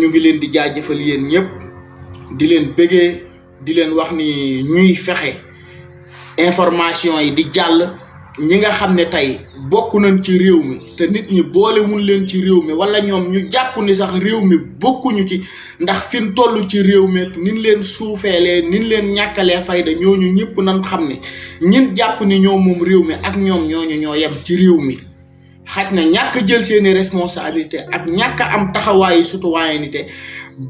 ñu ngi leen di jaajëfal yeen ñëpp di leen bëggee di leen wax ni ñuy fexe information yi di jàll ñi nga xam ne tey bokk nañ ci réew mi te nit ñi boole mun leen ci réew mi wala ñoom ñu jàpp ni sax réew mi bokkuñu ci ndax fin toll ci réew mi nin leen suufeelee nin leen ñàkkalee fayda ñooñu ñëpp nañ xam ni ñin jàpp ni ñoom moom réew mi ak ñoom ñooñu ñoo yem ci réew mi xaj na ñàkk jël seeni responsabilité ak ñàkk am taxawaayu citoyenneté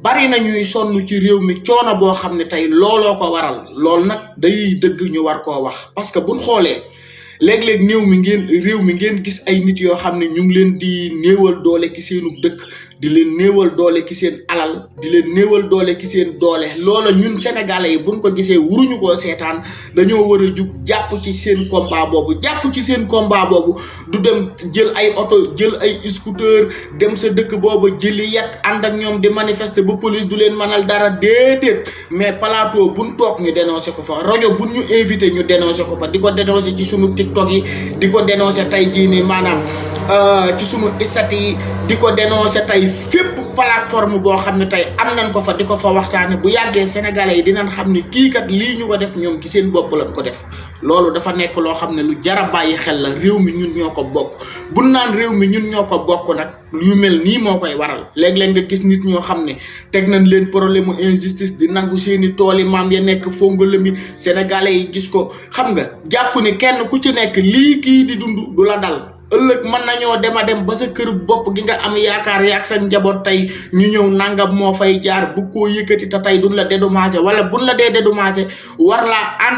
bari na ñuy sonn ci réew mi coono boo xam ne tey looloo ko waral loolu nag day dëgg ñu war koo wax parce que buñ xoolee léeg-léeg néew mi ngeen réew mi ngeen gis ay nit yoo xam ne ñu ngi leen di néewal doole ci seenu dëkk di leen néewal doole ki seen alal di leen néewal doole ki seen doole loola ñun sénégalais yi bu buñ ko gisee wuruñu koo seetaan dañoo war a jug jàpp ci seen combat boobu jàpp ci seen combat boobu du dem jël ay oto jël ay scooter dem sa dëkk booba jëli yat ànd ak ñoom di manifester ba police du leen manal dara déedéet mais plateau buñ toog ñu dénoncé ko fa rajo bu ñu invité ñu dénoncé ko fa di ko dénoncé ci sunu tiktok yi di ko dénoncé tey jii nii maanaam euh, tey fépp plateforme boo xam ne tey am nañ ko fa di ko fa waxtaane bu yàggee sénégalais yi dinañ xam ne kii kat lii ñu ko def ñoom ci seen bopp lañ ko def loolu dafa nekk loo xam ne lu jar a bàyyi xel la réew mi ñun ñoo ko bokk bu naan réew mi ñun ñoo ko bokk nag yu mel nii moo koy waral léeg leen nga gis nit ñoo xam ne teg nañ leen problème mu injustice di nangu seeni tool yi maam ya nekk fongole mi sénégalais yi gis ko xam nga jàpp ne kenn ku ci nekk lii kii di dund du la dal ëllëg mën nañoo dem a dem ba sa kër bopp gi nga am yaakaar yaak sa njaboot tey ñu ñëw nangam moo fay jaar bu koo yëkkati te tey duñ la dédommagé wala buñ la dee dédommagé war a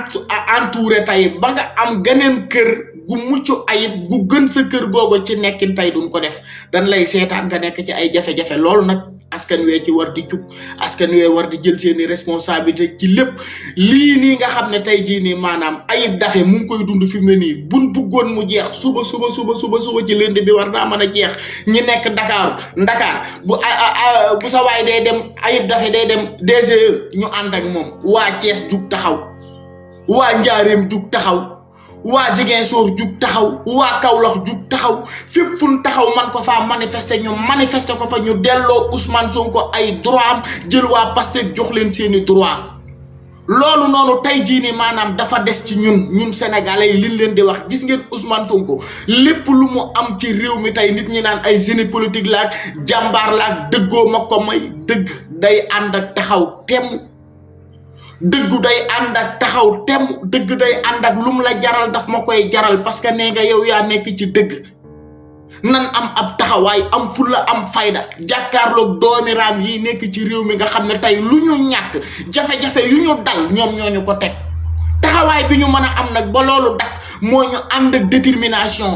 entouré tey ba nga am geneen kër gu mucc ayib gu gën sa kër googu ci nekkin tey duñ ko def dañ lay seetaan nga nekk ci ay jafe-jafe loolu nag askan wee ci war di jug askan wee war di jël seeni responsabilité ci lépp lii nii nga xam ne tey jii nii maanaam ayib dafe mu ngi koy dund fi mu ne nii buñ buggoon mu jeex suba suba suba suba suba ci lënd bi war naa mën a jeex ñi nekk Dakar Dakar bu bu sa day dem ayib dafe day dem DGE ñu ànd ak moom waa Thiès jug taxaw waa Njaareem jug taxaw waa Ziguinchor jug taxaw waa Kaolack jug taxaw fépp fu taxaw man ko faa manifester ñu manifester ko fa ñu delloo Ousmane Sonko ay droit am jël waa Pastef jox leen seeni droit loolu noonu tey jii nii maanaam dafa des ci ñun ñun sénégalais yi liñ leen di wax gis ngeen Ousmane Sonko lépp lu mu am ci réew mi tey nit ñi naan ay génie politique laa jàmbaar laak dëggoo ma may dëgg day ànd ak taxaw temm dëgg day ànd ak taxaw tem dëgg day ànd ak lum la jaral daf ma koy jaral parce que nee nga yow yaa nekk ci dëgg nan am ab taxawaay am fulla am fayda jàkkaarloog doomiraam yi nekk ci réew mi nga xam ne tey lu ñu ñàkk jafe-jafe yu ñu dal ñoom ñu ko teg taxawaay bi ñu mën a am nag ba loolu dak moo ñu ànd ak détermination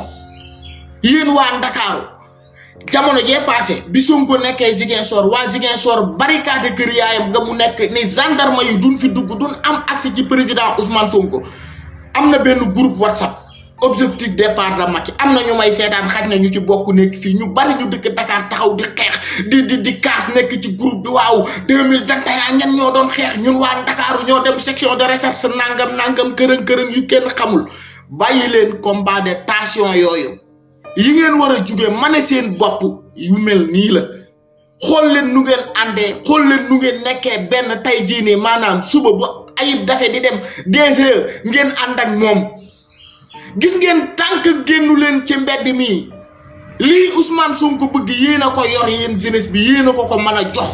yéen waa Ndakaaru jamono jee passé bi Sonko nekkee Ziguinchor waa Ziguinchor barricade kër yaayam nga mu nekk ni gendarme yi duñ fi dugg duñ am accès ci président Ousmane ko am na benn groupe WhatsApp objectif départ de Macky am na ñu may seetaan xaj na ñu ci bokk nekk fii ñu bari ñu dikk Dakar taxaw di xeex di di di kaas nekk ci groupe bi waaw deux mille vingt et ñan ñoo doon xeex ñun waa Dakar ñoo dem section de recherche nangam nangam kërën këran yu kenn xamul bàyyi leen combat de yooyu. yi ngeen war a jugee mane seen bopp yu mel nii la xool leen nu ngeen àndee xool leen nu ngeen nekkee benn tey jii maanaam suba bu ayib dafe di dem des ngeen ànd ak moom gis ngeen tànk génnu leen ci mbedd mi lii Ousmane Sonko bëgg yéen a ko yor yéen jeunesse bi yéen a ko ko mën a jox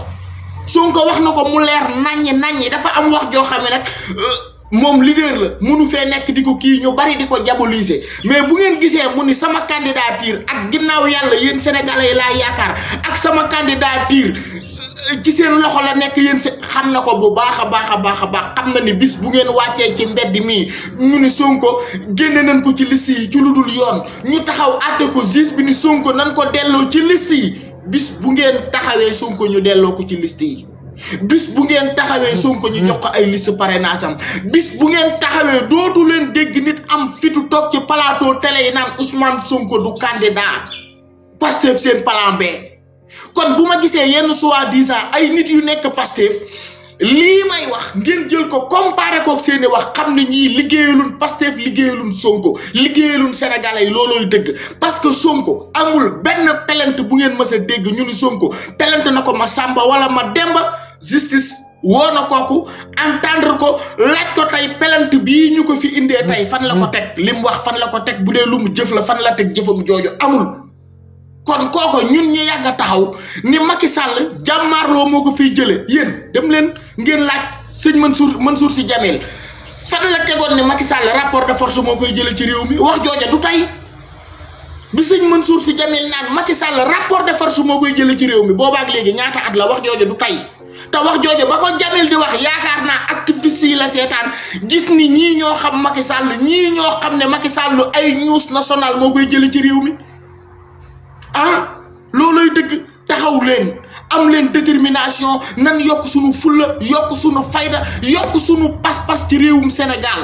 Sonko wax na ko mu leer naññi naññi dafa am wax joo xam ne nag euh, moom leader la munu fee nekk di ko kii ñu bari di ko diaboliser mais bu ngeen gisee mu ni sama candidature ak ginnaaw yàlla yéen sénégalais yi laa yaakaar ak sama kandidaatiir euh, ci seen loxo la nekk yéen se xam na ko bu baax a baax a baax a baax xam na ni bis bu ngeen wàccee ci mbedd mii ñu ni Sonko génn nañ ko ci liste yi ci lu dul yoon ñu taxaw ate ko juge bi ni Sonko nañ ko delloo ci liste yi bis bu ngeen taxawee Sonko ñu delloo ko ci liste yi bis bu ngeen taxawee Sonko ñu jox ko ay pare parrainage am bis bu ngeen taxawee dootu leen dégg nit am fitu toog ci palaatoo télé yi naan Ousmane Sonko du candidat Pastef seen plan B kon bu ma gisee yenn soi-disant ay nit yu nekk Pastef lii may wax ngeen jël ko comparé kook seeni wax xam ne ñii liggéeyalun Pastef liggéeyalun Sonko liggéeyalun sénégalais yi loolooy dégg parce que Sonko amul benn pelente bu ngeen mës dégg ñu ni Sonko pelente na ko ma Samba wala ma Demba justice woo na kooku entendre ko laaj ko tey pelant bii ñu ko fi indee tey fan la ko teg li mu wax fan la ko teg bu dee lu mu jëf la fan la teg jëfam jooju amul kon kooko ñun ñu yàgg taxaw ni Macky Sall jàmmaarloo moo ko fiy jëlee yéen dem leen ngeen laaj sëñ man Mansour si Djamil fan la tegoon ne Macky Sall rapport de force moo koy jëlee ci réew mi wax jooja du tey bi sëñ Mansour Sy Djamil naan Macky Sall rapport de force moo koy jëlee ci réew mi boobaak léegi ñaata at la wax jooja du tey te wax jooju ba ko Jamil di wax yaakaar naa activiste yi la seetaan gis ni ñii ñoo xam Macky Sall ñii ñoo xam ne Macky Sall ay news nationale moo koy jëlee ci réew mi ah looloy dëgg taxaw leen am leen détermination nan yokk suñu fulla yokk suñu fayda yokk suñu pas-pas ci réewum Sénégal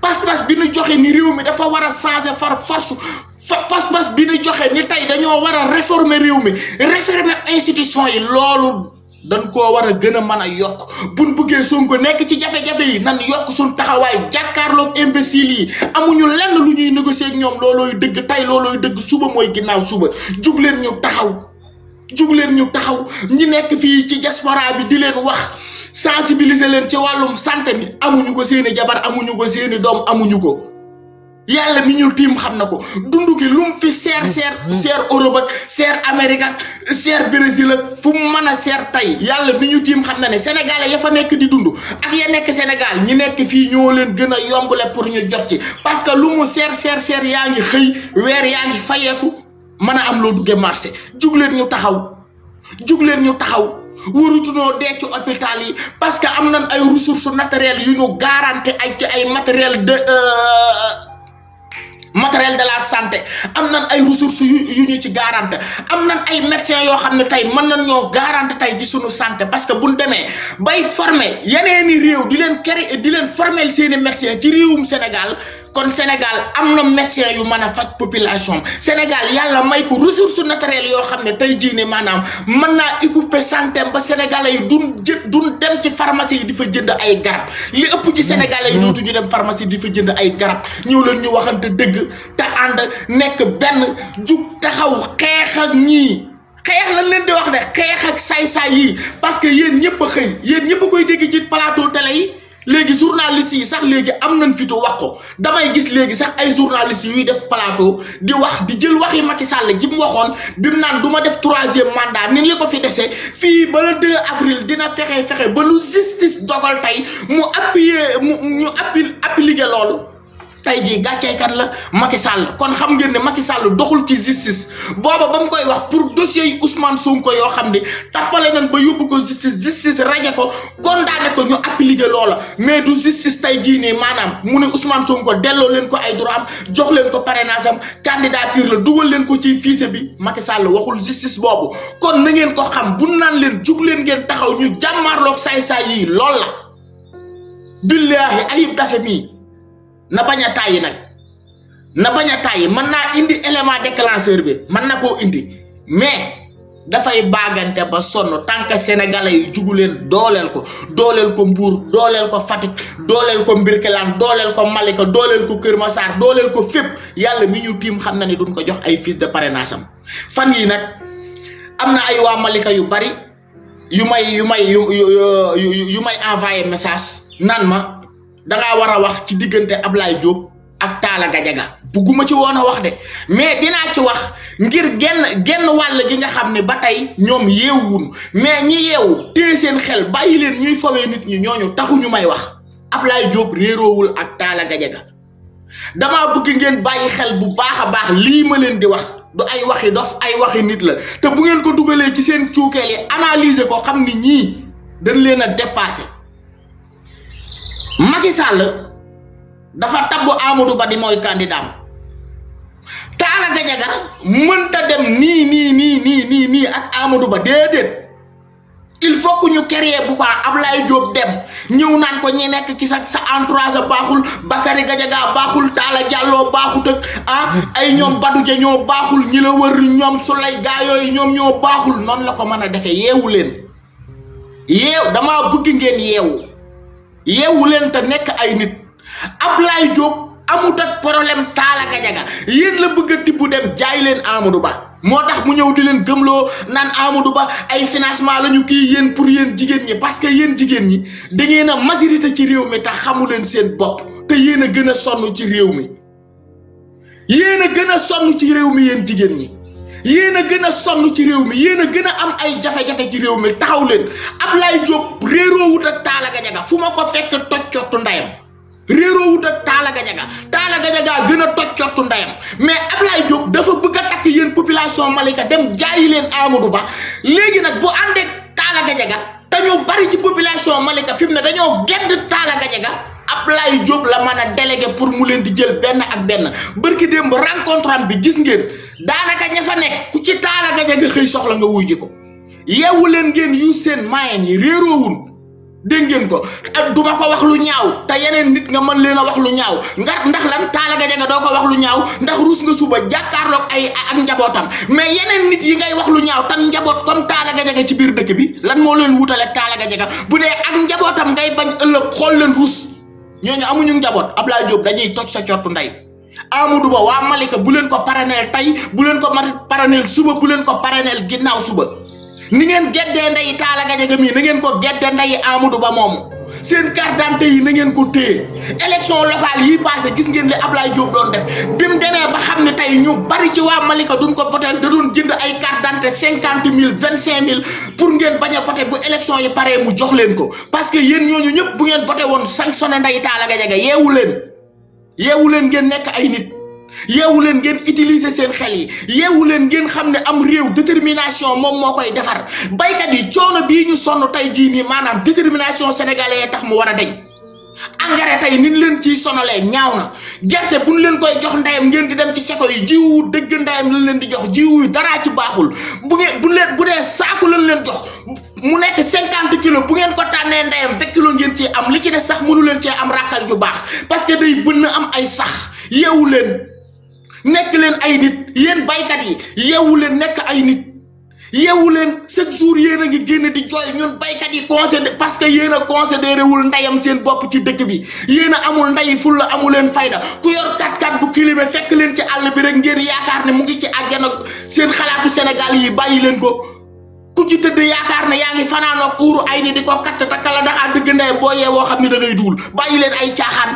pas-pas bi nu joxe ni réew mi dafa war a changer far force pas-pas bi nu joxe ni tey dañoo war a réformer réew mi réformer institution yi loolu dan koo war a gën a mën a yokk buñ buggee Sonko nekk ci jafe-jafe yi nan yokk suñ taxawaay jàkkaarloog imbéciles yi amuñu lenn lu ñuy négocier ak ñoom loolooy dëgg tey loolooy dëgg suba mooy ginnaaw suba jug leen ñu taxaw jug leen ñu taxaw ñi nekk fii ci diaspora bi di leen wax sensibiliser leen ci wàllum santé bi amuñu ko seeni jabar amuñu ko seeni doom amuñu ko yàlla mi ñu tiim xam na ko dund gi lu mu fi seer mm. seer mm. seer Europe ak seer Amérique ak seer Brésil fu mu mën a seer tey yàlla mi ñu tiim xam na ne sénégalais ya fa nekk di dundu ak ya nekk Sénégal ñi nekk fii ñoo leen gën a yombale pour ñu jot ci parce que lu mu seer seer seer yaa ngi xëy weer yaa ngi fayeeku mën a am loo duggee marché jug leen ñu taxaw jug leen ñu taxaw warutunoo dee ci hôpital yi parce que am nañ ay ressources naturelles yu ñu garanti ay ci ay matériel de. Euh, matériel de la santé am nan ay ressources yu yu ci garante am nan ay médecins yoo xam ne tey mën na ñoo garante tey ci sunu santé parce que buñ demee bay former yeneeni réew di leen créer di leen former seeni médecins ci réewum Sénégal kon Sénégal am na médecin yu man a faj population Sénégal yàlla may ko ressource naturelle yoo xam ne tey jiine maanaam mën naa équiper santé ba sénégalais yi duñ jë duñ dem ci pharmacie yi di fa jënd ay garab li ëpp ci sénégalais yi mm-hmm. ñu dem pharmacie di fa jënd ay garab ñëw leen ñu waxante dëgg te ànd nekk benn jug taxaw xeex ak ñii xeex lañ leen di wax de xeex ak saay-saay yi parce que yéen ñëpp a xëy yéen ñëpp koy dégg ci plateau télé yi léegi journaliste yi sax léegi am nañ fitu wax ko damay gis léegi sax ay journaliste yuy def plateau di wax di jël waxi Macky Sall ji mu waxoon bi mu naan du def troisième mandat ni li ko fi dese fii ba le 2 avril dina fexe fexe ba lu justice dogal tey mu appuyer mu ñu appi appliquer loolu tey jii gàcceekat la Macky Sall kon xam ngeen ne Macky Sall doxul ci justice booba ba mu koy wax pour dossier yi Ousmane Sonko yoo xam ne tappale nañ ba yóbbu ko justice justice raje ko condamné ko ñu appliqué loola mais du justice tey jii nii maanaam mu ne Ousmane Sonko delloo leen ko ay droit am jox leen ko parrainage am candidature la dugal leen ko ci fichier bi Macky Sall waxul justice boobu kon na ngeen ko xam bu naan leen jug leen ngeen taxaw ñu jàmmaarloog saay-saay yi lool la billaahi ayib dafe mii na bañ a tàyyi nag na bañ a tàyyi mën naa indi élément déclencheur bi mën na koo indi mais dafay baagante ba sonn tant que sénégalais yi jugu leen dooleel ko dooleel ko Mbour dooleel ko Fatick dooleel ko Mbirkilaan dooleel ko Malika dooleel ko Kër ma Massar dooleel ko fépp yàlla mi ñu tiim xam na ni duñ ko jox ay fiches de parrainage am fan yi nag am na ay waa Malika yu bari yu may yu may yu yu may envoyé message nan ma. dangaa war a wax ci diggante Ablaye jóob ak taala Gajaga bugguma ci woon a wax de mais dinaa ci wax ngir genn genn wàll gi nga xam ne ba tey ñoom yeewuwuñu mais ñi yeewu te seen xel bàyyi leen ñuy fawee nit ñi ñooñu taxuñu may wax Ablaye jóob réeroowul ak Talla Gajaga dama bëgg ngeen bàyyi xel bu baax a baax lii ma leen di wax du ay waxi dof ay waxi nit la te bu ngeen ko dugalee ci seen cuukeel yi analyser ko xam ni ñii dañ leen a dépassé Macky Sall dafa tabbu Amadou Ba di mooy candidat Talla Gadiaga mënta dem ni ni ni ni ni ni ak Amadou Ba dedet il faut que ñu créer bu ko Ablaye Diop dem ñëw naan ko ñi nek ci sa entourage baaxul Bakary Gadiaga baaxul Tala Diallo baaxut ak ah ay ñom Badou Dia ñoo baaxul ñi la wër ñom Soulay ga yoy ñom ñoo baaxul non la ko mëna défé defee yeewu leen bëgg ngeen yeewu leen te nekk ay nit Ablaye Diop amut ak problème Talla Gajaga yéen la bëgg a tibb dem jaay leen Amadou Ba. moo tax mu ñëw di leen gëmloo naan Amadou Ba ay financement la ñu kii yéen pour yéen jigéen ñi parce que yéen jigéen ñi da ngeen a majorité ci réew mi te xamu leen seen bopp te yéen a gën a sonn ci réew mi yéen a gën a sonn ci réew mi yéen jigéen ñi. yéen a gën a sonn ci réew mi yéen a gën a am ay jafe-jafe ci réew mi taxaw leen Ablaye Diop réeroo wut ak Talla Gajaga fu ma ko fekk toj ndeyam ndayam réeroo wut ak Talla Gajaga Talla Gajaga gën a toj cottu ndayam mais Ablaye Diop dafa bëgg a takk yéen population Malika dem jaayi leen Amadou Ba léegi nag bu àndee Talla Gajaga te ñu bari ci population Malika fi mu ne dañoo gedd Talla Gajaga Ablaye Diop la mën a délégué pour mu leen di jël benn ak benn bërki démb rencontre am bi gis ngeen. danaka ña fa nekk ku ci taala nga nga xey soxla nga wuy jiko yewu len ngeen yu seen mayen yi réeroowun de ngeen ko eh, duma ko wax lu ñaaw ta yeneen nit nga man leena wax lu ñaaw nga ndax lan taala ga jaga do ko wax lu ñaaw ndax ruus nga suba jàkkaarloog ay ak njabotam mais yeneen nit yi ngay wax lu ñaaw tan njaboot comme taala ga jaga ci biir dekk bi lan mo leen wutale taala ga jaga bu de ak njabotam ngay bañ ëllëg xol leen ñoo ñu amuñu njabot abla job dañuy toj sa ciortu nday amadou ba wa malika bu len ko paranel tay bu len ko paranel suba bu len ko paranel ginnaw suba ni ngeen gedde nday taala gadja gami ni ngeen ko gedde nday amadou ba momu seen carte d'identité yi na ngeen ko téye élection locale yi passé gis ngeen li ablay diop doon def bim démé ba xamné tay ñu bari ci wa malika duñ ko voté da doon jënd ay carte d'identité 50000 25000 pour ngeen baña a voté bu élection yi paré mu jox leen ko parce que yeen ñoñu ñëpp bu ngeen voté won sanctionné nday taala gajaga yewu leen yeewu leen ngeen nekk ay nit yeewu leen ngeen utiliser seen xel yi yeewu leen ngeen xam ne am réew détermination moom moo koy defar baykat yi coono bii ñu sonn tey jii nii maanaam détermination sénégalais tax mu war a deñ engrais tey ni ñu leen ciy sonalee ñaaw na gerte bu ñu leen koy jox ndeyam ngeen di dem ci seko yi jiwu dëgg ndeyam lañ leen di jox jiwu yu daraa ci baaxul bu ngeen bu leen bu dee saaku lañ leen jox mu nek 50 kilos bu ngeen ko tané ndeyam fekk lu ngeen ci am li ci des sax mënu leen ci am rakal ju bax parce que day bënn am ay sax yewu leen nek leen ay nit yeen baykat yi yewu leen nek ay nit yewu leen chaque jour yeena a ngi génn di joy ñun baykat yi considé parce que yeena a considéré wul ndayam seen bop ci dëkk bi yeena amul nday ful la amul leen fayda ku yor kat kat bu kilimé fekk leen ci all bi rek ngeen yaakaar ne mu ngi ci aljana seen xalaatu sénégal yi bayi leen ko ku ci tëdd yaakaar ne yaa ngi fanaanoog uuru ay nii di ko katt takkala daxaa dëgg ndeyam boo yeewoo xam ni da ngay duul bàyyi leen ay caaxaan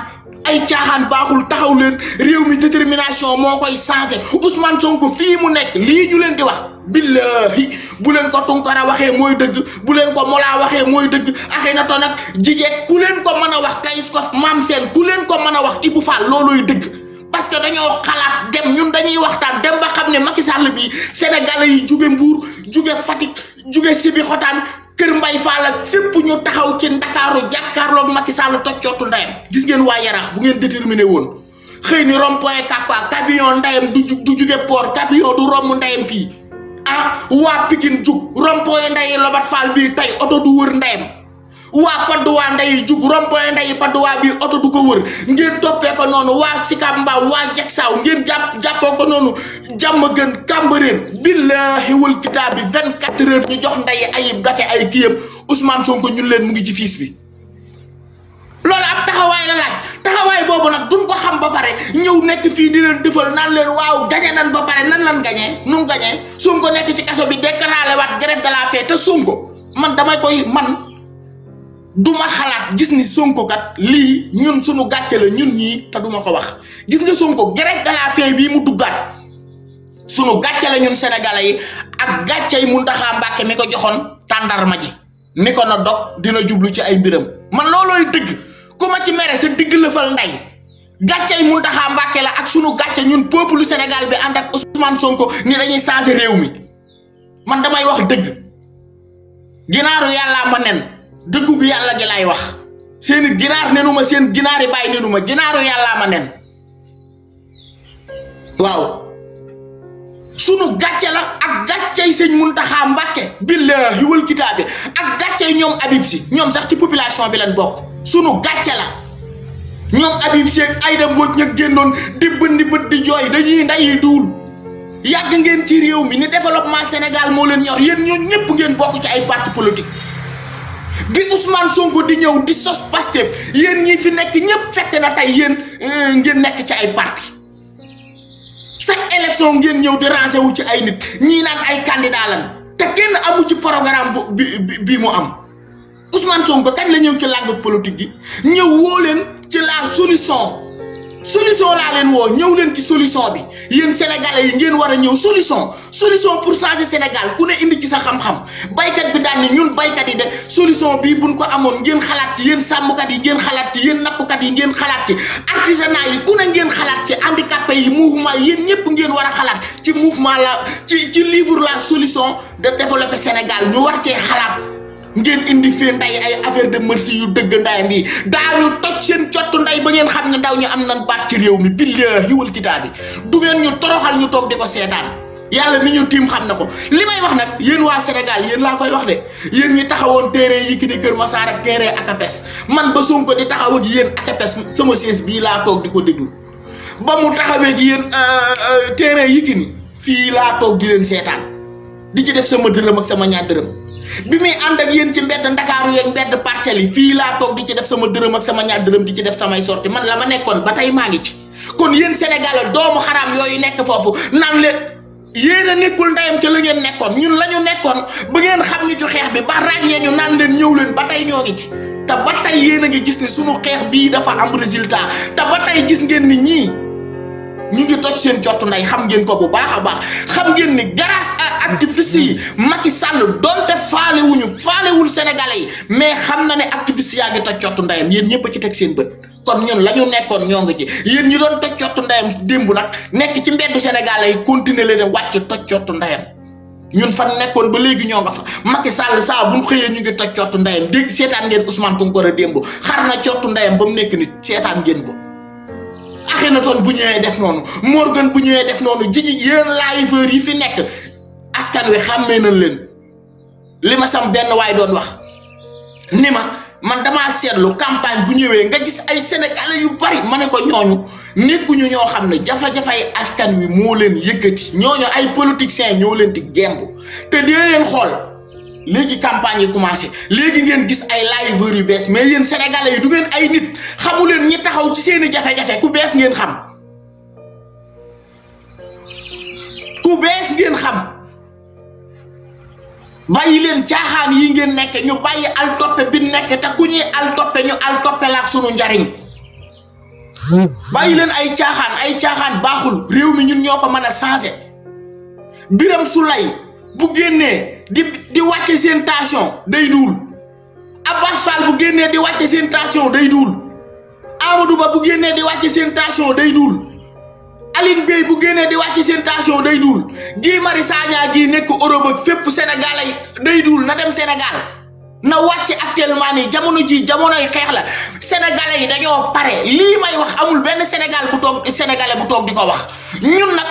ay caaxaan baaxul taxaw leen réew mi détermination moo koy changé Ousmane Sonko fii mu nekk lii ñu leen di wax billahi bu leen ko Tunkara waxee mooy dëgg bu leen ko Mollah waxee mooy dëgg Akhenaton nag jigéen ku leen ko mën a wax Kayz Fof Mame Sène ku leen ko mën a wax Ibou Fall loolooy dëgg parce que dañoo xalaat dem ñun dañuy waxtaan dem ba xam ne Macky Sall bi Sénégalais yi jóge Mbour jóge Fatick jóge Sibi Xotaan kër mbay faal ak fépp ñu taxaw ci ndakaaru jàkkaarloog Macky Sall toccootu ndayam gis ngeen waa yarax bu ngeen déterminé woon xëy ni rompoye kàppa camion ndayam du du jóge port camion du romb ndayam fii ah waa Pikine jug rompoye ndayi lobat faal bii tey oto du wër ndayam wa paduwa nday jug rompoy nday paduwa bi auto du ko wër ngeen topé ko nonu wa sikamba waa jeksaaw ngeen japp jàppoo ko nonu jam gën kàmbareen billahi wal kitab 24 heures ñu jox nday ay gafé ay kiyam ousmane sonko ñu leen mu ngi ci fils bi lolu ab taxaway la laaj taxaway bobu nak duñ ko xam ba pare ñew nekk fi di leen defal naan leen waaw gagné nan ba pare nan lan gagné nung gagné sonko nekk ci kasso bi déclaré wat grève de la fête sonko man damay koy man duma xalaat gis ni sonko kat li ñun suñu gàcce la ñun ñii te duma ko wax gis nga sonko grève de la faim bii mu duggaat sunu gàcce la ñun sénégalais yi ak gàcce yi mu ndaxaa mbàkke mi ko joxoon tàndarma ji ni ko na dog dina jublu ci ay mbiram man loolooy dëgg ku ma ci mere sa digg lëfal nday gàcce yi mu mbàkke la ak sunu gàcce ñun peuple sénégal bi ànd ak ousmane sonko ni dañuy changer réew mi man damay wax dëgg ginaaru ma nen dëggu gi yàlla gi laay wax seen ginaar nenu ma seen ginaar yi bàyyi nenu ma ginaaru yàllaa ma nen waaw sunu gàcce la ak gàccey sëñ Muntaxa Mbàkke billaahi wal kitaabe ak gàccey ñoom Habib si ñoom sax ci population bi leen bokk sunu gàcce la ñoom Habib Seck Aïda Mbodj ña génnoon di bënni bët di jooy dañuy ndeyi duul yàgg ngeen ci réew mi ni développement Sénégal moo leen ñor yéen ñoo ñëpp ngeen bokk ci ay parti politique bi Ousmane Sonko di ñew di sos Pastef yeen ñi fi nek ñepp fekk na tay yeen ngeen nek ci ay parti chaque élection ngeen ñew di rancé wu ci ay nit ñi naan ay candidat lan te kenn amu ci programme bi bi mu am Ousmane Sonko kañ la ñew ci langue politique gi ñew wo leen ci la solution. solution laa leen woo ñëw leen ci solution bi yéen sénégalais yi ngeen war a ñëw solution solution pour changer Sénégal ku ne indi ci sa xam-xam baykat bi daan ne ñun baykat yi de solution bii buñ ko amoon ngeen xalaat ci yéen sàmmkat yi ngeen xalaat ci yéen nappkat yi ngeen xalaat ci artisanat yi ku ne ngeen xalaat ci handicapé yi mouvement yéen ñëpp ngeen war a xalaat ci mouvement la ci ci livre la solution de développer Sénégal ñu war cee xalaat ngeen indi fi nday ay affaire de merci yu dëgg ndayam yi daañu toj seen cottu nday ba ngeen xam ne ndaw ñu am nan baat ci réew mi billahi wal kitaabi du ngeen ñu toroxal ñu toog di ko seetaan yàlla ni ñu tiim xam na ko li may wax nag yéen waa Sénégal yéen laa koy wax de yéen ñi taxawoon téere yi ki di Kër Masaar ak téere akapes man ba Sonko di taxaw ak yéen akapes sama chaise bii laa toog di ko déglu ba mu taxawee ak yéen euh, euh, téere yi ki fii laa toog di leen seetaan di ci def sama dërëm ak sama ñaar dërëm bi muy ànd ak yéen ci mbedd ndakaaru yeeg mbedd parcel yi fii laa toog di ci def sama dërëm ak sama ñaar dërëm di ci def samay sorti man la ma nekkoon ba tey maa ngi ci kon yéen Sénégal doomu xaraam yooyu nekk foofu naan leen yéen a nekkul ndeyam ci la ngeen nekkoon ñun la ñu nekkoon ba ngeen xam ñu ci xeex bi ba ràññee ñu naan leen ñëw leen ba tey ñoo ngi ci te ba tey yéen a ngi gis ne suñu xeex bii dafa am résultat te ba tey gis ngeen ni ñii ñi di toj seen jottu nay xam ngeen ko bu baax a baax xam ngeen ni grâce à activiste yi Macky Sall donte faale wuñu faale wul sénégalais yi mais xam na ne activiste yaa ngi toj jottu ndayam yéen ñëpp ci teg seen bët kon ñun lañu nekkoon ñoo ngi ci yéen ñu doon toj jottu ndayam démb nag nekk ci mbeddu sénégalais yi continuer leen wàcc toj jottu ndayam ñun fa nekkoon ba léegi ñoo nga fa Macky Sall saa bu xëyee ñu ngi toj cottu ndayam dégg seetaan ngeen Ousmane Tunkara démb xar na cottu ndayam ba mu nekk ni seetaan ngeen ko Akhenaton bu ñëwee def noonu Morgan bu ñëwee def noonu jiji yéen liveurs yi fi nekk askan wi xàmmee nañ leen li ma sam benn waay doon wax ni ma man dama seetlu campagne bu ñëwee nga gis ay sénégalais yu bari ma ne ko ñooñu nekkuñu ñoo xam ne jafe-jafey askan wi moo leen yëkkati ñooñu ay politiciens ñoo leen di gemb te dina leen xool. légi campagne yi commencé légui ngeen gis ay live yu bess mais yeen sénégalais yi du ngeen ay nit xamulen ñi taxaw ci seen jafé jafé ku bess ngeen xam ku bess ngeen xam bayi len caaxaan yi ngeen nek ñu bayi al topé bi nek ta ku ñi al topé ñu al topé laak suñu njariñ bayi len ay ay baxul rew mi ñun ñoko mëna changer biram lay bu génné di di wàcce seen tension day duul Abbas Fall bu génnee di wàcce seen tension day duul Amadou Ba bu génnee di wàcc seen tension day duul Aline Gueye bu génnee di wàcce seen tension day duul Guy Marius Sagna gi nekk Europe ak fépp Sénégal day duul na dem Sénégal na wàcc actuellement nii jamono ji jamonoy xeex la sénégalais yi dañoo pare lii may wax amul benn Sénégal bu toog sénégalais bu toog di ko wax ñun nag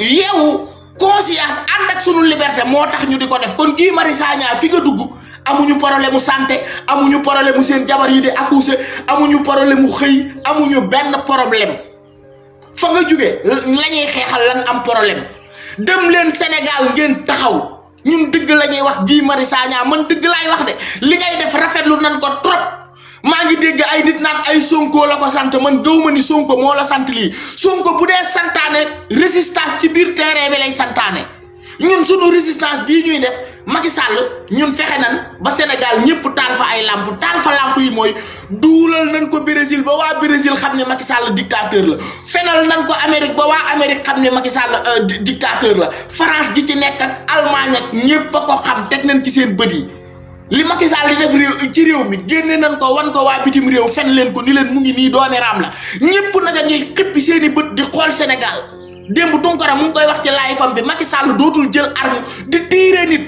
yeewu conscience ànd ak sunu liberté moo tax ñu di ko def kon Guy Marius Sagna fi nga dugg amuñu problème mu santé amuñu problème mu seen jabar yi di accoucher amuñu problème mu xëy amuñu benn problème fa nga jóge la xeexal lan am problème dem leen Sénégal ngeen taxaw ñun dëgg la ñuy wax gii Marius Sagna man dëgg laay wax de li ngay def rafetlu nan ko trop maa ngi dégg ay nit naan ay Sonko la ko sant man gëw ma ni Sonko moo la sant lii Sonko bu dee santaane résistance ci biir terrain bi lay santaane ngeen sunu résistance bii ñuy def Macky Sall ñun fexe nan ba Sénégal ñëpp taal fa ay làmp taal fa làmp yi mooy duulal nañ ko Brésil ba waa Brésil xam ne Macky Sall dictateur la fenal nañ ko Amérique ba waa Amérique xam ne Macky Sall euh, dictateur la France gi ci nekk ak Allemagne ak ñëpp a ko xam teg nañ ci seen bët yi. li Macky Sall def réew ci réew mi génne nañ ko wan ko waa bitim réew fen leen ko ni leen mu ngi nii doomi raam la ñëpp nag a ngi xippi seen i bët di xool Sénégal démb Tunkara mu ngi koy wax ci laay fam bi Macky Sall dootul jël arme di tiire nit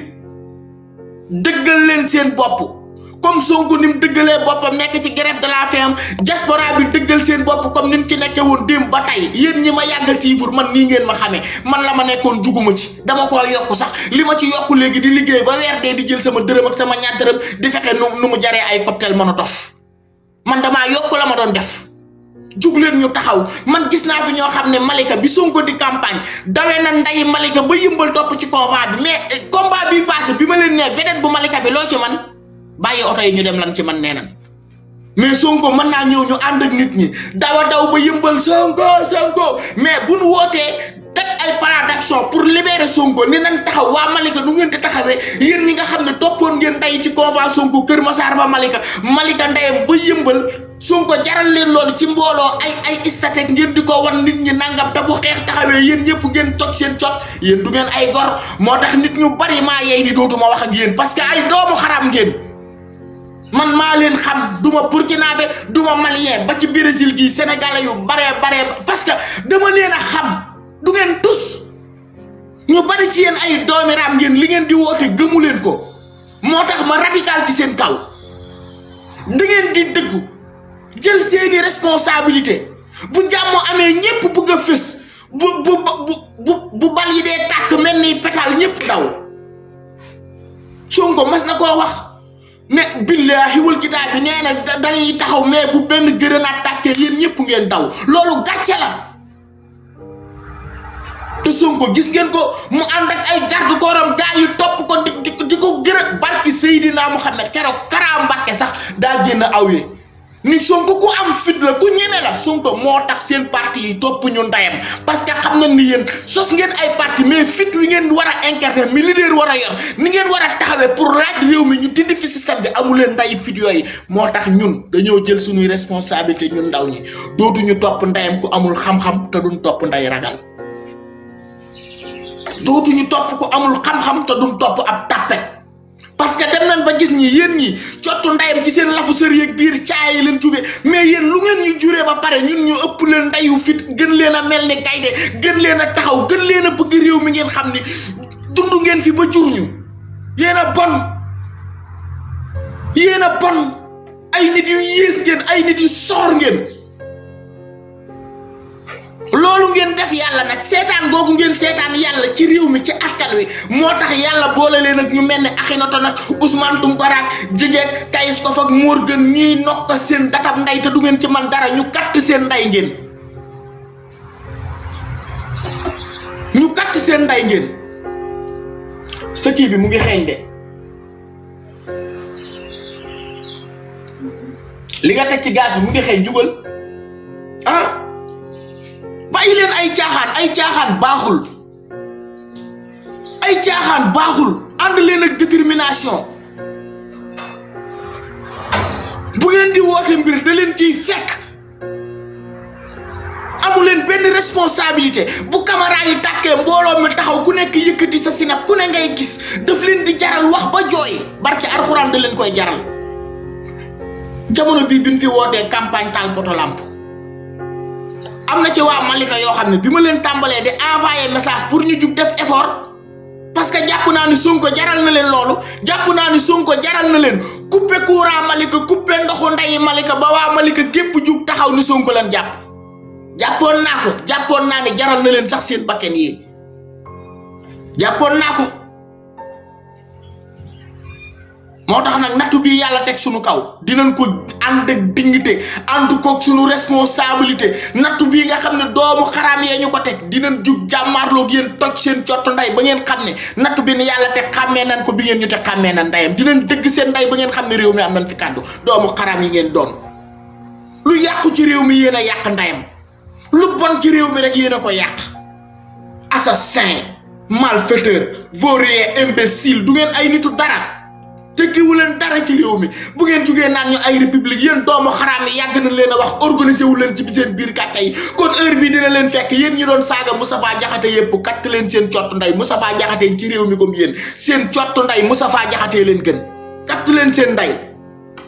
dëggal leen seen bopp comme Sonko ni mu dëggalee boppam nekk ci grève de la faim diaspora bi dëggal seen bopp comme ni mu ci nekkee woon démb ba tey yéen ñi ma yàggal ci man nii ngeen ma xamee man la ma nekkoon juguma ci dama koo yokk sax li ma ci yokk léegi di liggéey ba weer dee di jël sama dërëm ak sama ñaar dërëm di fexe nu nu mu jaree ay cocktail Molotov man damaa yokk la ma doon def jugleen ñu taxaw man gis naa fi ñoo xam ne Malika bi Sonko di campagne dawee na nday Malika ba yëmbal topp ci combat bi mais eh, combat bi passé bi ma leen nee vedette bu Malika bi loo ci man bàyyi oto yi ñu dem lan ci man nee nan mais sonko mën naa ñëw ñu ànd ak nit ñi dawa daw ba yëmbal sonko sonko mais bu nu wootee teg ay plan d'action pour libérer sonko ni nañ taxaw waa malika du ngeen di taxawee yéen ñi nga xam ne toppoon ngeen ndey ci convent sonko kër masaar ba malika malika ndeyam ba yëmbal sonko jaral leen loolu ci mbooloo ay ay statek ngeen di ko wan nit ñi nangam te bu xeex taxawee yéen ñëpp ngeen toj seen cot yéen du ngeen ay gor moo tax nit ñu bari maa yey ni dootuma wax ak yéen parce que ay doomu xaram ngeen man ma len xam duma burkinabé duma malien ba ci brésil gi sénégalais yu bare bare parce que dama len xam du ngeen tus ñu bari ci yeen ay doomi ram ngeen li ngeen di woote gëmu len ko motax ma radical ci sen kaw di ngeen di dëggu jël seeni responsabilité bu jàmm amé ñepp bëgg a bu bu bu bu bal yi dé tak melni pétal ñepp daw chongo mas na ko wax ne billaahi wal kitaab bi nee na dañuy taxaw mais bu benn grenade tàkkee yéen ñëpp ngeen daw loolu gàcce la te ko gis ngeen ko mu ànd ak ay garde kooram gaa yi topp ko di di ko gërë barki Seydina Muhammad keroog Kara Mbàkke sax daa génn awye ni Sonko ku am fit la ku ñeme la Sonko moo tax seen parti yi topp ñu ndayam parce que xam nañ ñu yéen sos ngeen ay parti mais fit wi ngeen war a incarner mi leader war a yor ni ngeen war a taxawee pour laaj réew mi ñu dindi fi système bi amul leen nday fit yooyu moo tax ñun dañoo jël suñuy responsabilité ñun ndaw ñi dootuñu topp ndayam ku amul xam-xam te duñ topp nday ragal dootuñu topp ku amul xam-xam te duñ topp ak tàppet parce que dem nañ ba gis ñi yéen ñi cottu ndayam ci seen lafu sër yeeg biir caay yi leen jube mais yéen lu ngeen ñu juree ba pare ñun ñu ëpp leen ndayu fit gën leen a mel ni gaynde gën leen a taxaw gën leen a bëgg réew mi ngeen xam ni dund ngeen fi ba jur ñu yéen a bon yéen a bon ay nit yu yées ngeen ay nit yu soxor ngeen loolu ngeen def yàlla nag seetaan googu ngeen seetaan yàlla ci réew mi ci askan wi moo tax yàlla boole leen ak ñu mel ne Akhenaton nag Ousmane Tounkara ak Djidjiek Kayz Kof ak Morgun ñiy nokk seen datab ndey du ngeen ci man dara ñu katt seen ndey ngeen ñu seen ndey ngeen bi mu ngi xeeñ de li nga teg ci gaz bi mu ngi xeeñ jugal ah bàyyi ay caaxaan ay caaxaan bahul ay caaxaan bahul and len ak determination bu ngeen di wote mbir da len ci fek amu len ben responsabilité bu camara yi takke mbolo mi taxaw ku nek yëkkati sa sinap ku ne ngay gis daf len di jaral wax ba joy barki alcorane da len koy jaral jamono bi bin fi wote campagne tal boto amna ci wa Malika yo xamne bima len tambalé di envoyer message pour ñu juk def effort parce que jàpp na ni Sonko jaral na len lolu jàpp na ni Sonko jaral na len couper courant Malika couper ndoxu nday Malika ba wa Malika gep juk taxaw ni Sonko lan japp jappon nako jappon na ni jaral na len sax seen bakken yi jappon nako moo tax nag nattu bii yàlla teg suñu kaw dinañ ko ànd ak dignité ànd koog suñu responsabilité nattu bii nga xam ne doomu xaram yee ñu ko teg dinañ jug jàmmaarloog yéen toj seen cottu nday ba ngeen xam ne nattu bi ne yàlla teg xàmmee nan ko bi ngeen ñu teg xàmmee nan ndayam dinañ dëgg seen nday ba ngeen xam ne réew mi am nañ fi kàddu doomu xaraam yi ngeen doon lu yàqu ci réew mi yéen a yàq ndayam lu bon ci réew mi rek yéen a ko yàq assassin malfaiteur vaurien imbécile du ngeen nitu dara tekkiwu leen dara ci réew mi bu ngeen jugee naan ñu ay république yéen doomu xaraam yi yàgg nañ leen a wax organisé wu leen ci bi seen biir kàcca yi kon heure dina leen fekk yéen ñi doon saaga Moustapha Diakhaté yëpp katt leen seen cott nday Moustapha Diakhaté ci réew mi comme yéen seen cott nday Moustapha Diakhaté leen gën katt leen seen nday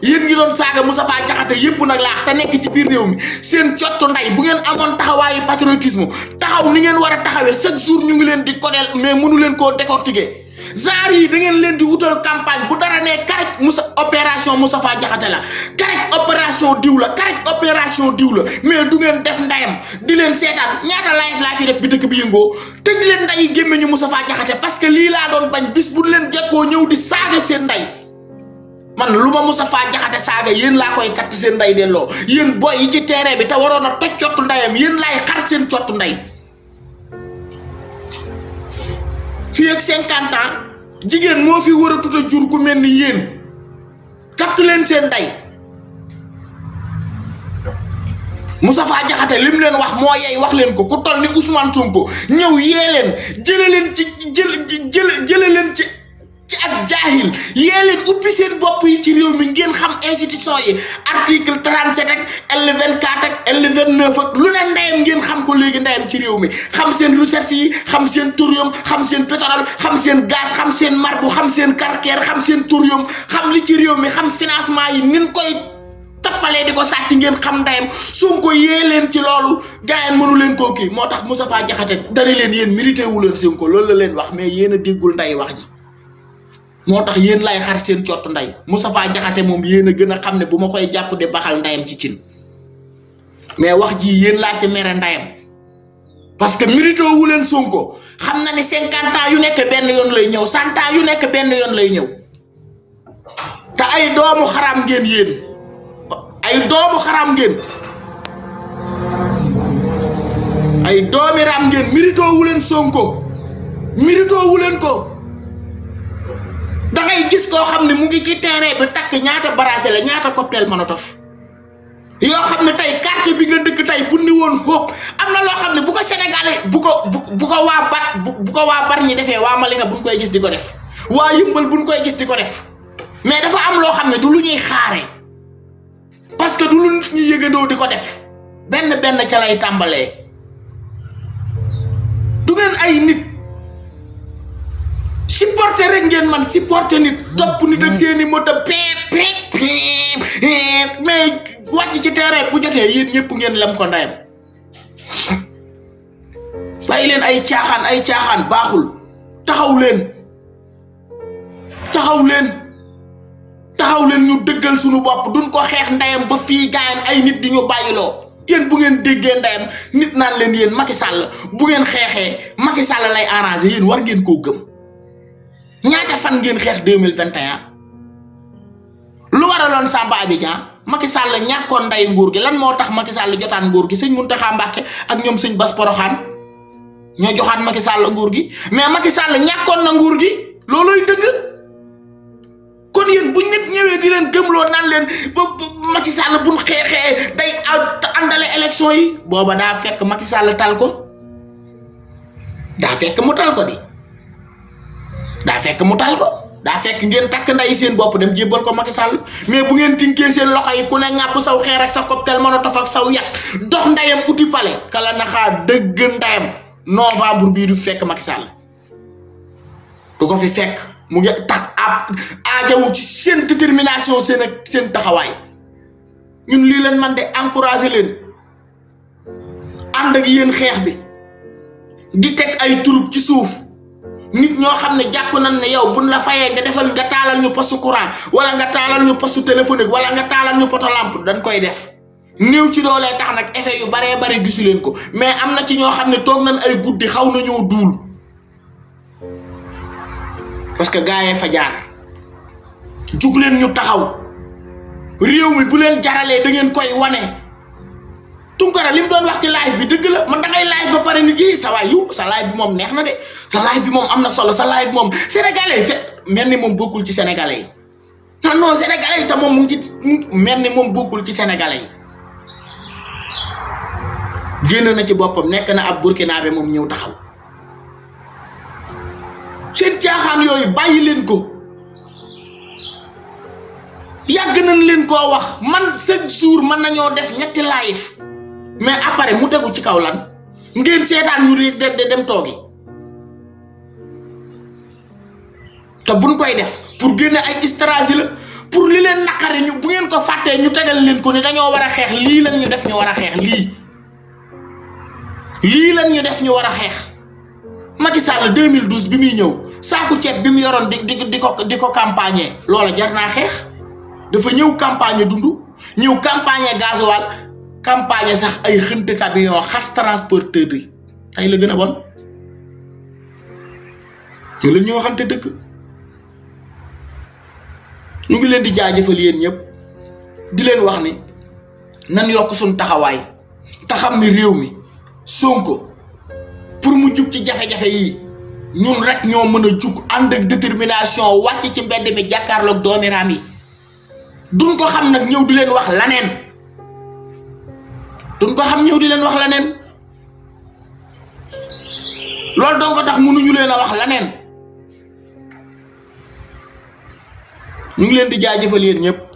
yéen ñi doon saaga Moustapha Diakhaté yëpp nag laax te nekk ci biir réew mi seen cott nday bu ngeen amoon taxawaayu patriotisme taxaw ni ngeen war a taxawee chaque jour ñu ngi leen di kodeel mais mënu leen koo décortiquer genre yi da leen di wutal campagne bu dara nee karaj mus opération Moustapha Diakhaté la karaj opération diw la karaj opération diw la mais du ngeen def ndayam di leen seetaan ñaata live laa ci def bi dëkk bi yëngoo tëj leen ndayi gémmeñu Moustapha Diakhaté parce que lii laa doon bañ bis bu leen jekkoo ñëw di saaga seen nday man lu ma Moustapha Diakhaté saaga yéen laa koy katt seen nday delloo yéen boy yi ci terrain bi te waroon a toj cottu ndayam yéen laay xar seen cottu nday fii ak cinquante ans jigéen moo fi war a jur ku mel ni yéen katt leen seen ndey Moustapha Diakhaté li mu leen wax moo yey wax leen ko ku toll ni Ousmane Sonko ñëw yee leen jële leen ci jël jële leen ci ci ak jaahil yee leen ubbi seen bopp yi ci réew mi ngeen xam institution yi article trente sept ak L vingt quatre ak L vingt neuf ak lu ne ndeyam ngeen xam ko léegi ndeyam ci réew mi xam seen recherche yi xam seen thorium xam seen pétrole xam seen gaz xam seen marbu xam seen calcaire xam seen thorium xam li ci réew mi xam financement yi nin koy tappalee di ko sàcc ngeen xam ndeyam Sonko yee leen ci loolu gaayeen mënu leen koo kii moo tax Moustapha Diakhaté dari leen yéen mérité wu leen Sonko loolu la leen wax mais yéen a déggul wax ji moo tax yéen lay xar seen cott nday Moustapha Diakhaté moom yéen a gën a xam ne bu ma koy jàpp de baxal ndayam ci cin mais wax ji yéen laa ci mere ndayam parce que mérito wu leen Sonko xam na ne cinquante yu nekk benn yoon lay ñëw cent ans yu nekk benn yoon lay ñëw te ay doomu xaram ngeen yéen ay doomu xaram ngeen ay doomi raam ngeen mérito leen Sonko mérito wu leen ko da ngay gis ko xamne mu ngi ci terrain bi tak ñaata barasé la ñaata cocktail monotov yoo xam ne tey quartier bi nga dëkk tay bu ni won xóob amna lo xamne bu ko sénégalais bu ko bu ko wa bat bu ko wa bar ñi défé wa malinga buñ koy gis diko def wa yëmbal buñ koy gis diko def mais dafa am lo xamne du lu ñuy parce que du lu nit ñi yëgandoo di def benn benn ci lay tambalé du ngeen ay nit supporter rek ngeen man supporter nit topp nit ak seeni moto peep peep mais wàcc ci terrain bu jotee yéen ñëpp ngeen lem ko ndayam bàyyi leen ay caaxaan ay caaxaan baaxul taxaw leen taxaw leen taxaw leen ñu dëggal suñu bopp duñ ko xeex ndayam ba fii gaayam ay nit di ñu bàyyiloo yéen bu ngeen déggee ndayam nit naan leen yéen Macky Sall bu ngeen xeexee Macky Sall lay arrangé yéen war ngeen koo gëm ñaata fan ngeen xeex 2021 lu waraloon Samba Abidjan Macky Sall ñàkkoon nday nguur gi lan moo tax Macky Sall jotaan nguur gi sëñ Muntaxa Mbacke ak ñoom sëñ Bas porohan ño joxaat Macky Sall nguur gi mais Macky Sall ñàkkoon na nguur gi looloy dëgg kon yeen bu ñëpp ñëwee di leen gëmloo naan leen ba Macky Sall bu xeexee day àndale élection yi booba daa fekk Macky Sall tal ko daa fekk mu tal ko di da fekk mu tal ko da fekk ngeen tak nday seen bop dem jébbal ko Macky Sall mais bu ngeen tinké seen loxay ku ne ŋàpp saw xéer ak sa cocktail tof ak saw yak dox ndayam uti pale kala xaa deug ndayam novembre bi du fekk Macky Sall du ko fi fekk mu ngi tax ab aajawu ci seen détermination seen ak seen taxaway ñun li leen man de encourager leen and ak yeen bi di tek ay troupe ci souf nit ñoo xam ne jàpp nañ ne yow buñ la fayee nga defal nga taalal ñu poste courant wala nga taalal ñu poste téléphonique wala nga taalal ñu poto lampe dañ koy def néew ci doolee tax nag effet yu bare bare gisu leen ko mais am ci ñoo xam ne toog nañ ay guddi xaw nañoo duul parce que gaayee fa jaar jug leen ñu taxaw réew mi bu leen jaralee da ngeen koy wane Tungkar lim doon wax ci live bi deug la man da ngay live ba paré nit yi sa way yu sa live bi mom neex na de sa live bi mom amna solo sa live mom sénégalais melni mom bokul ci sénégalais non non sénégalais ta mom mu ci melni mom bokul ci sénégalais génn na ci bopam nek na ab burkinabé mom ñew taxaw seen tiaxan yoy bàyyi len ko yag nañ len ko wax man 5 jours man nañoo def ñetti live mais après mu teggu ci kaw lan ngeen seetaan ñu de dem togi. ta buñ koy def pour génne ay stratégie la pour li leen nakari ñu bu ngeen ko fàttee ñu tegal leen ko ni dañoo wara xex li lan ñu def ñu wara xex li li lan ñu def ñu wara xex Macky Sall 2012 bi muy ñëw saaku ceeb bi mi yoron di di di ko di ko campagne loola jar naa dafa ñew campagne dundu ñew campagne gasoil campagne sax ay xëntkat yoo xas transporteur yi tey la gën a bon ñu leen ñu waxante dëkk ñu ngi leen di jaajëfal yéen ñëpp di leen wax ni nan yokk suñ taxawaay te ni réew mi Sonko pour mu jug ci jafe-jafe yi ñun rek ñoo mën a jug ànd ak détermination wàcc ci mbedd mi jàkkaarloog doomiraam yi duñ ko xam nag ñëw di leen wax laneen duñ ko xam ñëw di leen wax leneen loolu doo ko tax mënuñu leen a wax leneen ñu ngi leen di jaajëfal yéen ñëpp.